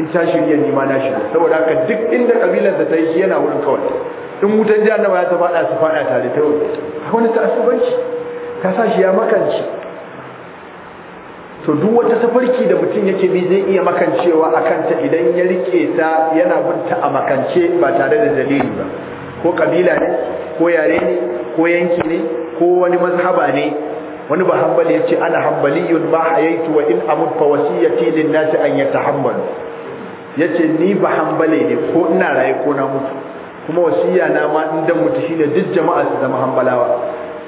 in ta shirya ni ma na shirya saboda haka duk inda da ta yi shi yana wurin kawai in wutan jahannama ya ta fada su fada tare ta wuri wani ta'assubanci ka sa shi ya makanci to duk wata tafarki da mutum yake bi zai iya makancewa a kanta idan ya rike ta yana binta a makance ba tare da dalili ba ko kabila ne ko yare ne ko yanki ne ko wani mazhaba ne wani ba hanbali ya ce ana hanbaliyun ma hayaitu wa in amut fa wasiyati lin nasi an yatahammal yace ni ba hanbali ne ko ina raye ko na mutu kuma wasiya na ma in dan mutu shine duk jama'a su zama hanbalawa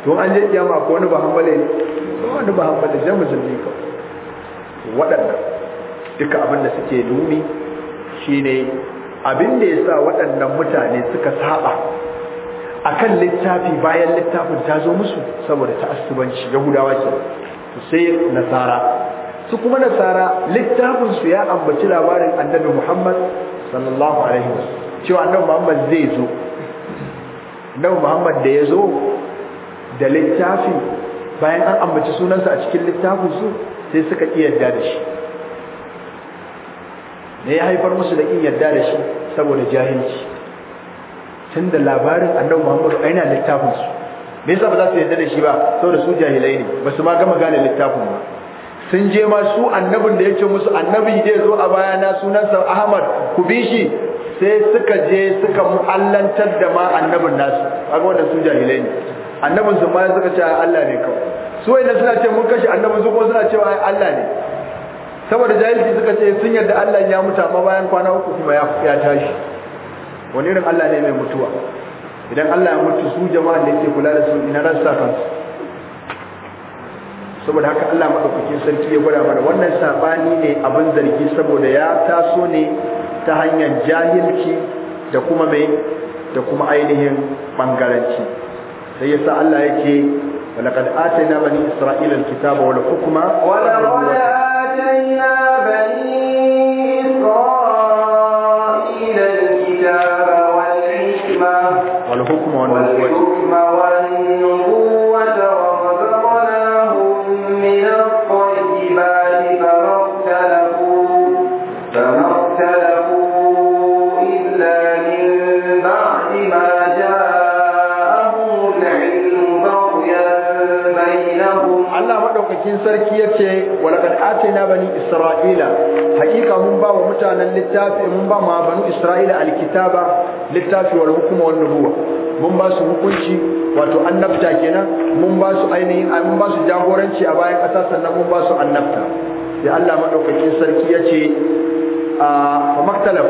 to an je kiyama ko wani ba hanbali ne wani ba hanbali sai musulmi kawai waɗannan duka abin da suke nuni ne abin da ya sa waɗannan mutane suka saba kan littafi bayan littafin ta zo musu saboda ta'assubanci yahudawa ke sai nasara su kuma nasara littafinsu ya ambaci labarin annabi Muhammad sallallahu alaihi wasu cewa annabi Muhammad zai zo annabi Muhammad da ya zo da littafi bayan an ambaci sunansa a cikin littafinsu sai suka ƙi yadda da shi da ya haifar musu da ƙin yadda da shi saboda jahilci tun da labarin annabi muhammadu aina littafinsu me yasa ba za su yarda da shi ba saboda su jahilai ne ba su ma gama gane littafin ba sun je ma su annabin da ya ce musu annabi zai zo a bayana sunansa ahmad ku bi shi sai suka je suka mu'allantar da ma annabin nasu ga wanda su jahilai ne annabin su ma suka ce Allah ne kawai su suna ce mun kashe annabi su kuma suna cewa Allah ne saboda jahilci suka ce sun yarda Allah ya mutu amma bayan kwana uku kuma ya ya tashi wani irin Allah ne mai mutuwa idan Allah ya mutu su jama'a da yake kula da su ina ran sa kansu saboda haka Allah madaukakin sarki ya gwada mana wannan sabani ne abin zargi saboda ya taso ne ta hanyar jahilci da kuma mai da kuma ainihin bangaranci sai yasa Allah yake ولقد آتينا بني إسرائيل الكتاب والحكمة ولقد آتينا sarki ya ce walaƙar bani isra'ila hakika mun ba wa mutanen littafi mun ba ma bani isra'ila alkitaba littafi wal hukuma wal nubuwa mun ba su hukunci wato annabta kenan mun ba su ainihin mun ba su jagoranci a bayan ƙasa sannan mun ba su annabta Ya Allah madaukakin sarki ya ce a famaktalaf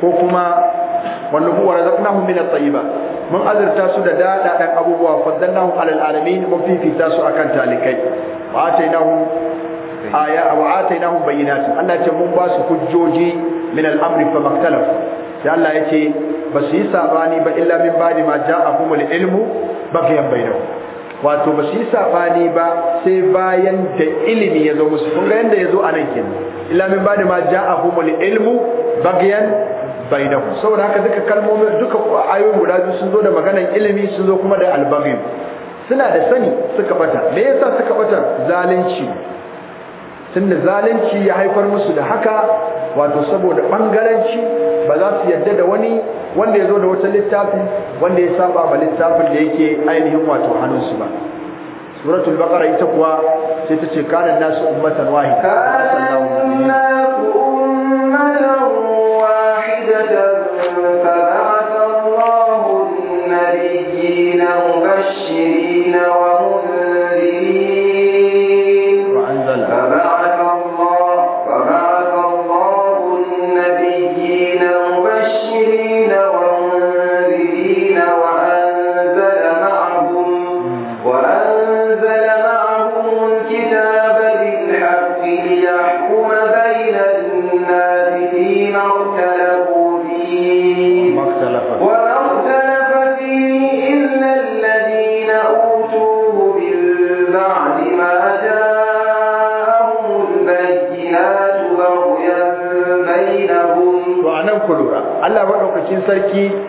ko kuma wal nubuwa razaqnahum min at-tayyibat mun azurta su da daɗaɗen abubuwa faddallahu alal alamin mun fifita su akan talikai wa atainahu aya wa Allah ce mun ba su hujjoji min al-amri fa maktalaf sai Allah ce ba su yi sabani ba illa min ba'di ma ja'akumul ilmu baghyan bainahum wato ba su yi sabani ba sai bayan da ilimi ya zo musu kun ga yanda ya zo a nan kenan illa min ba'di ma ja'akumul ilmu baghyan bainahum saboda haka duka kalmomin duka ayoyin guda biyu sun zo da maganan ilimi sun zo kuma da al suna da sani suka bata me yasa suka bata zalunci tunda zalunci ya haifar musu da haka wato saboda bangaranci ba za su yadda da wani wanda ya zo da wata littafi wanda ya saba ba littafin da yake ainihin wato su ba suratul baqara ita kuwa sai ta ce kana nasu ummatan wahida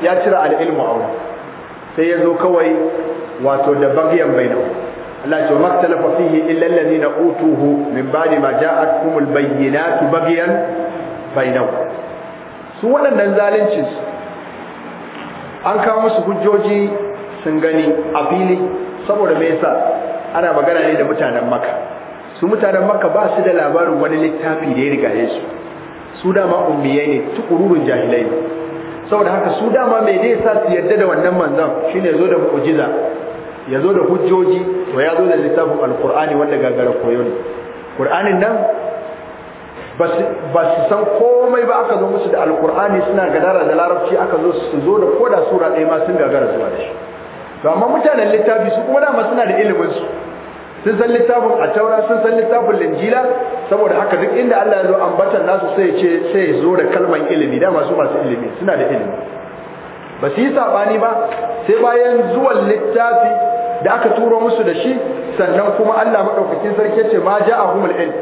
ya cire al'ilmu a wani sai ya zo kawai wato da bai na Allah ce wa maktalafa fihi illa na utuhu min ba'di ma ja'atkumul bayyinatu bagyan na su waɗannan zalunci an kawo musu hujjoji sun gani a fili saboda me sa ana magana ne da mutanen maka? su mutanen maka ba su da labarin wani littafi da ya riga su su dama ummiyai ne tukururun jahilai ne saboda haka su dama mai dai sa su yarda da wannan manzon shine yazo da mu'jiza yazo da hujjoji to ya zo da littafin alqur'ani wanda gagara koyo ne qur'anin nan ba su san komai ba aka zo musu da alqur'ani suna gadara da larabci aka zo su zo da koda sura ɗaya ma sun gagara zuwa da shi to amma mutanen littafi su kuma dama suna da ilimin sun san littafin a taura sun san littafin linjila saboda haka duk inda Allah ya zo ambatan nasu sai ya ce sai zo da kalman ilimi da masu masu ilimi suna da ilimi ba su yi sabani ba sai bayan zuwan littafi da aka turo musu da shi sannan kuma Allah madaukakin sarki ce ma ja'ahumul ilm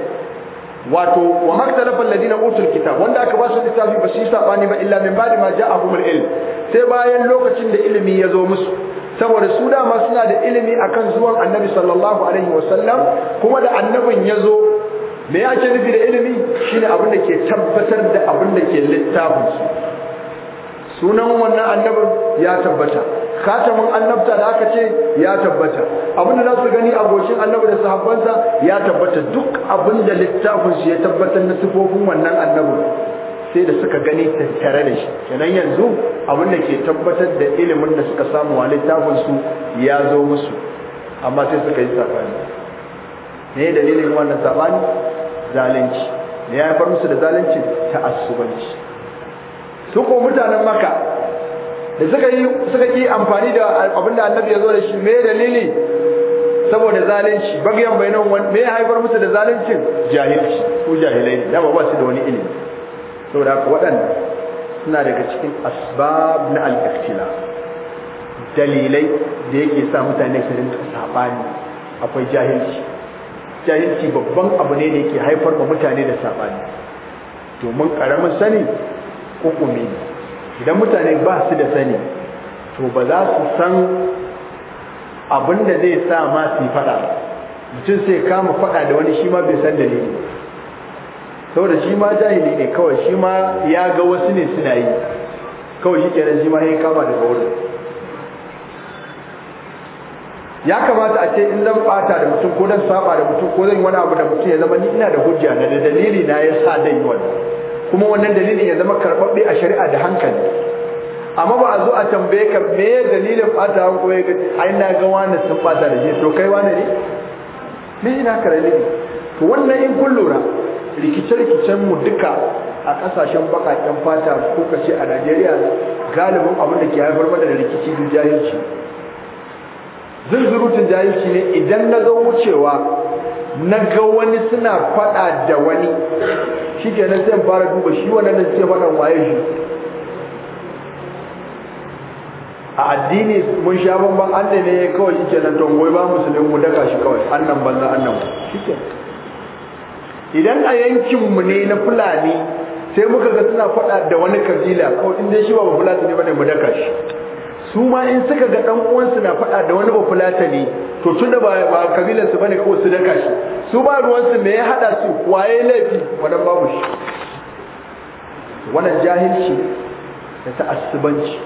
wato wa maktalafa alladina utul kitab wanda aka ba su littafi ba su yi sabani ba illa min ba'di ma ja'ahumul ilm sai bayan lokacin da ilimi ya zo musu saboda su dama suna da ilimi akan zuwan annabi sallallahu alaihi wasallam kuma da annabin ya zo me ya ce nufi da ilimi shine abin da ke tabbatar da abin da ke littafin su sunan wannan annabin ya tabbata katamin annabta da aka ce ya tabbata abin da za su gani a annabi da sahabbansa ya tabbata duk abin da littafin shi ya tabbatar na sifofin wannan annabin sai da suka gani tattare da shi kenan yanzu abin da ke tabbatar da ilimin da suka samu a littafin su ya zo musu amma sai suka yi sabani ne dalilin wannan sabani zalunci ne ya haifar musu da zalunci ta asubanci su ko mutanen maka da suka yi suka ki amfani da abin da annabi ya zo da shi me dalili saboda zalunci bagyan bainan me ya haifar musu da zaluncin jahilci ko jahilai ne da ba su da wani ilimi saboda haka waɗanda suna daga cikin asbab na al dalilai da yake sa mutane su rinka saɓani. akwai jahilci jahilci babban abu ne da yake haifar ma mutane da sabani domin ƙaramin sani hukumi ne idan mutane ba su da sani to ba za su san abin da zai sa ma su yi fada mutum sai kama faɗa da wani shi ma bai san dalili saboda shi ma jahili ne kawai shi ma ya ga wasu ne suna yi kawai shi kenan shi ma ya kama daga wurin ya kamata a ce in zan bata da mutum ko zan saba da mutum ko zan wani abu da mutum ya zama ni ina da hujja na da dalili na ya sa dan yi wannan kuma wannan dalilin ya zama karɓaɓɓe a shari'a da hankali amma ba a zo a tambaye ka me dalilin bata ko ya ga ai na ga wani sun bata da shi to kai wani ne ni ina karali ne to wannan in kun lura rikice-rikicen mu duka a kasashen bakakken fata ko kace a Najeriya galibin abin da ke haifar mana da rikici da jahilci zunzurutun jahilci ne idan na ga wucewa na ga wani suna fada da wani shi ke zan zai fara duba shi wannan da suke faɗan waye shi a addini mun sha bambam an ne kawai shi ke nan tongoi ba musulmi mu daga shi kawai annan banza annan shi ke idan a yankinmu ne na fulani sai muka ga suna faɗa da wani kabila ko in dai shi ba fulata ne bane mu daka shi su ma in suka ga ɗan uwansu na faɗa da wani ba fulata ne to tunda ba ba kabilar su bane ko su daka shi su ba ruwansu me ya hada su waye laifi wannan babu shi wannan jahilci da ta'assubanci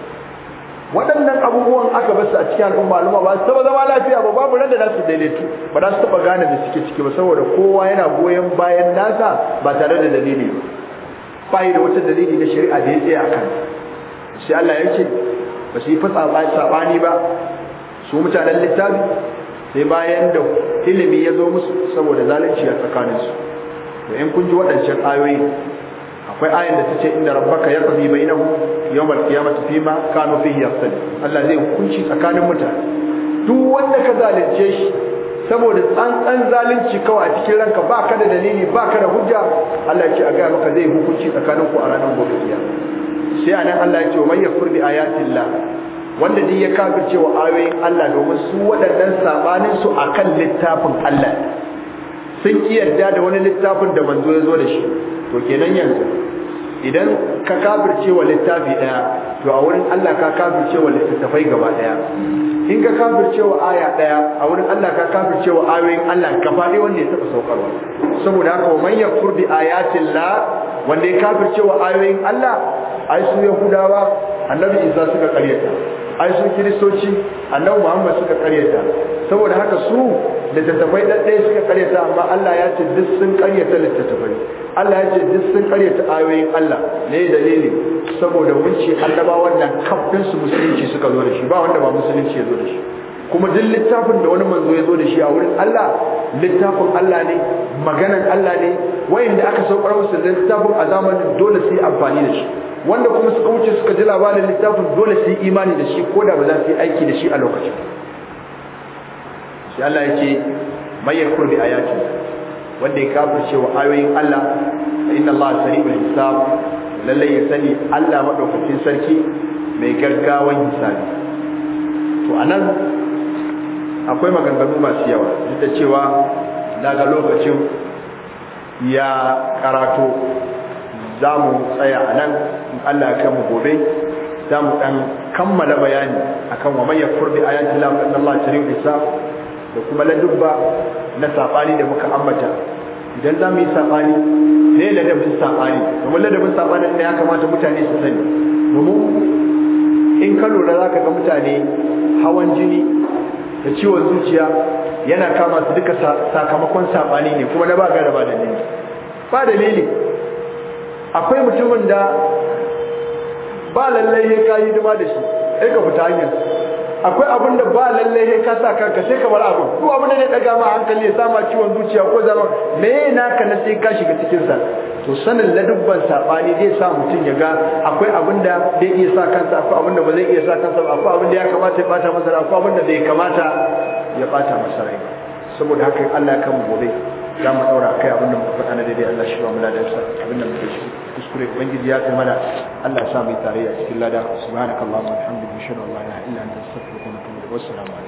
waɗannan abubuwan aka basu a cikin al'umma al'umma ba su taɓa zama lafiya ba babu ran da za su daidaitu ba za su taɓa gane da suke ciki ba saboda kowa yana goyon bayan nasa ba tare da dalili ba ba da wata dalili na shari'a da ya tsaya kan sai Allah ya ce ba su yi fa saɓani ba su mutanen littafi sai bayan da ilimi ya zo musu saboda zalunci a tsakaninsu da in kun ji waɗancan ayoyi akwai ayin da tace inda rabbaka yaqdi bainahu yawmal qiyamati kano kanu fihi yafsali Allah zai hukunci tsakanin mutane duk wanda ka zalunce shi saboda tsantsan zalunci kawai a cikin ranka ba ka da dalili ba ka da hujja Allah ya ce a gaya maka zai hukunci tsakanin ku a ranar gobe sai anan Allah ya ce man yakfur bi ayatillah wanda duk ya kafirce cewa ayoyin Allah domin su waɗannan sabanin su akan littafin Allah sun ƙi yarda da wani littafin da manzo ya zo da shi to kenan yanzu idan ka kafirce wa littafi daya to a wurin Allah ka kafirce wa littattafai gaba daya in ka kafirce wa aya daya a wurin Allah ka kafirce wa ayoyin Allah ka fadi wanda ya taɓa saukarwa saboda haka wa man yakfur bi ayatin la wanda ya kafirce wa ayoyin Allah ai su yahudawa annabi isa suka karyata ai su kiristoci annabi muhammad suka karyata saboda haka su littattafai ɗaɗɗaya suka karyata amma Allah ya ce duk sun karyata littattafai Allah ya ce duk sun karyata ayoyin Allah ne dalili saboda mun ce annaba wannan kafin su musulunci suka zo da shi ba wanda ba musulunci ya zo da shi kuma duk littafin da wani manzo ya zo da shi a wurin Allah littafin Allah ne maganan Allah ne wayanda aka saukar musu da littafin a zamanin dole su yi amfani da shi wanda kuma suka wuce suka ji labarin littafin dole su yi imani da shi ko da ba za su yi aiki da shi a lokacin sai Allah ya ce mai a bi ayati wanda ya kafirce wa ayoyin Allah inna Allah sari'ul hisab lalle ya sani Allah madaukakin sarki mai gaggawan hisabi to anan akwai maganganu masu yawa da cewa daga lokacin ya karato zamu tsaya a nan in Allah ya mu gobe zamu mu ɗan kammala bayani akan wa mai yakfur bi ayati inna Allah sari'ul hisab da kuma ladubba na saɓani da muka ambata idan za mu yi saɓani ne ladabin saɓani domin ladabin saɓanin ne ya kamata mutane su sani domin in ka lura za ka ga mutane hawan jini da ciwon zuciya yana kama su duka sakamakon saɓani ne kuma na ba gara ba dalili ba dalili akwai mutumin da ba lallai ya kayi hidima da shi Ai ka fita hanyar akwai abin da ba lalle ka sa kanka sai kamar abu ko abin da ne daga ma hankali ya sama ciwon zuciya ko zama me ka na sai ka shiga cikin sa to sanin ladubban sabani zai sa mutum ya ga akwai abin da zai iya sa kansa akwai abin da ba zai iya sa kansa ba akwai abin da ya kamata ya bata masa akwai abin da bai kamata ya bata masa rai saboda haka Allah ya kan gobe za mu daura kai abin da muka faɗa na daidai Allah shi ba mu sa abin da muke shi kuskure ubangiji ya kai mana Allah ya sa mu tarayya cikin lada subhanakallahumma wa bihamdika ashhadu an la ilaha illa anta astaghfiruka wa atubu ilaik wassalamu alaikum